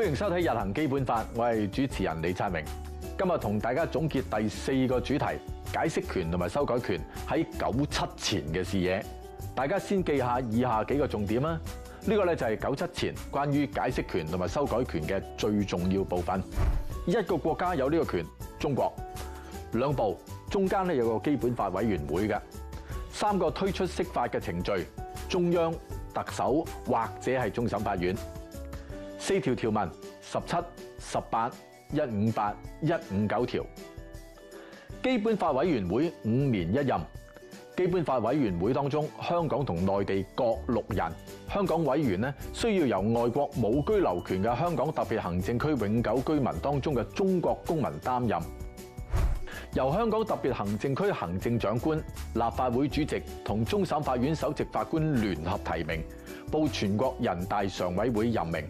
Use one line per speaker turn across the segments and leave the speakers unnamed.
歡迎收睇《日行基本法》，我係主持人李燦榮。今日同大家總結第四個主題——解釋權同埋修改權喺九七前嘅視野。大家先記下以下幾個重點啊！呢個咧就係九七前關於解釋權同埋修改權嘅最重要部分。一個國家有呢個權，中國兩步中間咧有個基本法委員會嘅三個推出釋法嘅程序：中央、特首或者係終審法院。四條條文，十七、十八、一五八、一五九條。基本法委員會五年一任，基本法委員會當中香港同內地各六人。香港委員呢需要由外國冇居留權嘅香港特別行政區永久居民當中嘅中國公民擔任，由香港特別行政區行政長官、立法會主席同終審法院首席法官聯合提
名，報全國人大常委會任命。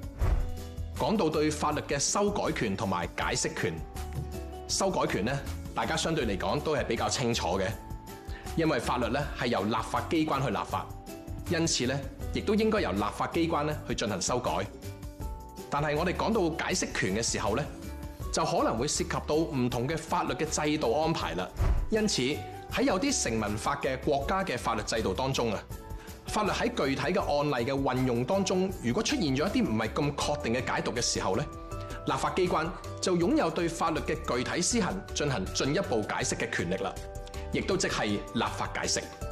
講到對法律嘅修改權同埋解釋權，修改權咧，大家相對嚟講都係比較清楚嘅，因為法律咧係由立法機關去立法，因此咧亦都應該由立法機關咧去進行修改。但係我哋講到解釋權嘅時候咧，就可能會涉及到唔同嘅法律嘅制度安排啦。因此喺有啲成文法嘅國家嘅法律制度當中啊。法律喺具體嘅案例嘅運用當中，如果出現咗一啲唔係咁確定嘅解讀嘅時候咧，立法機關就擁有對法律嘅具體施行進行進一步解釋嘅權力啦，亦都即係立法解釋。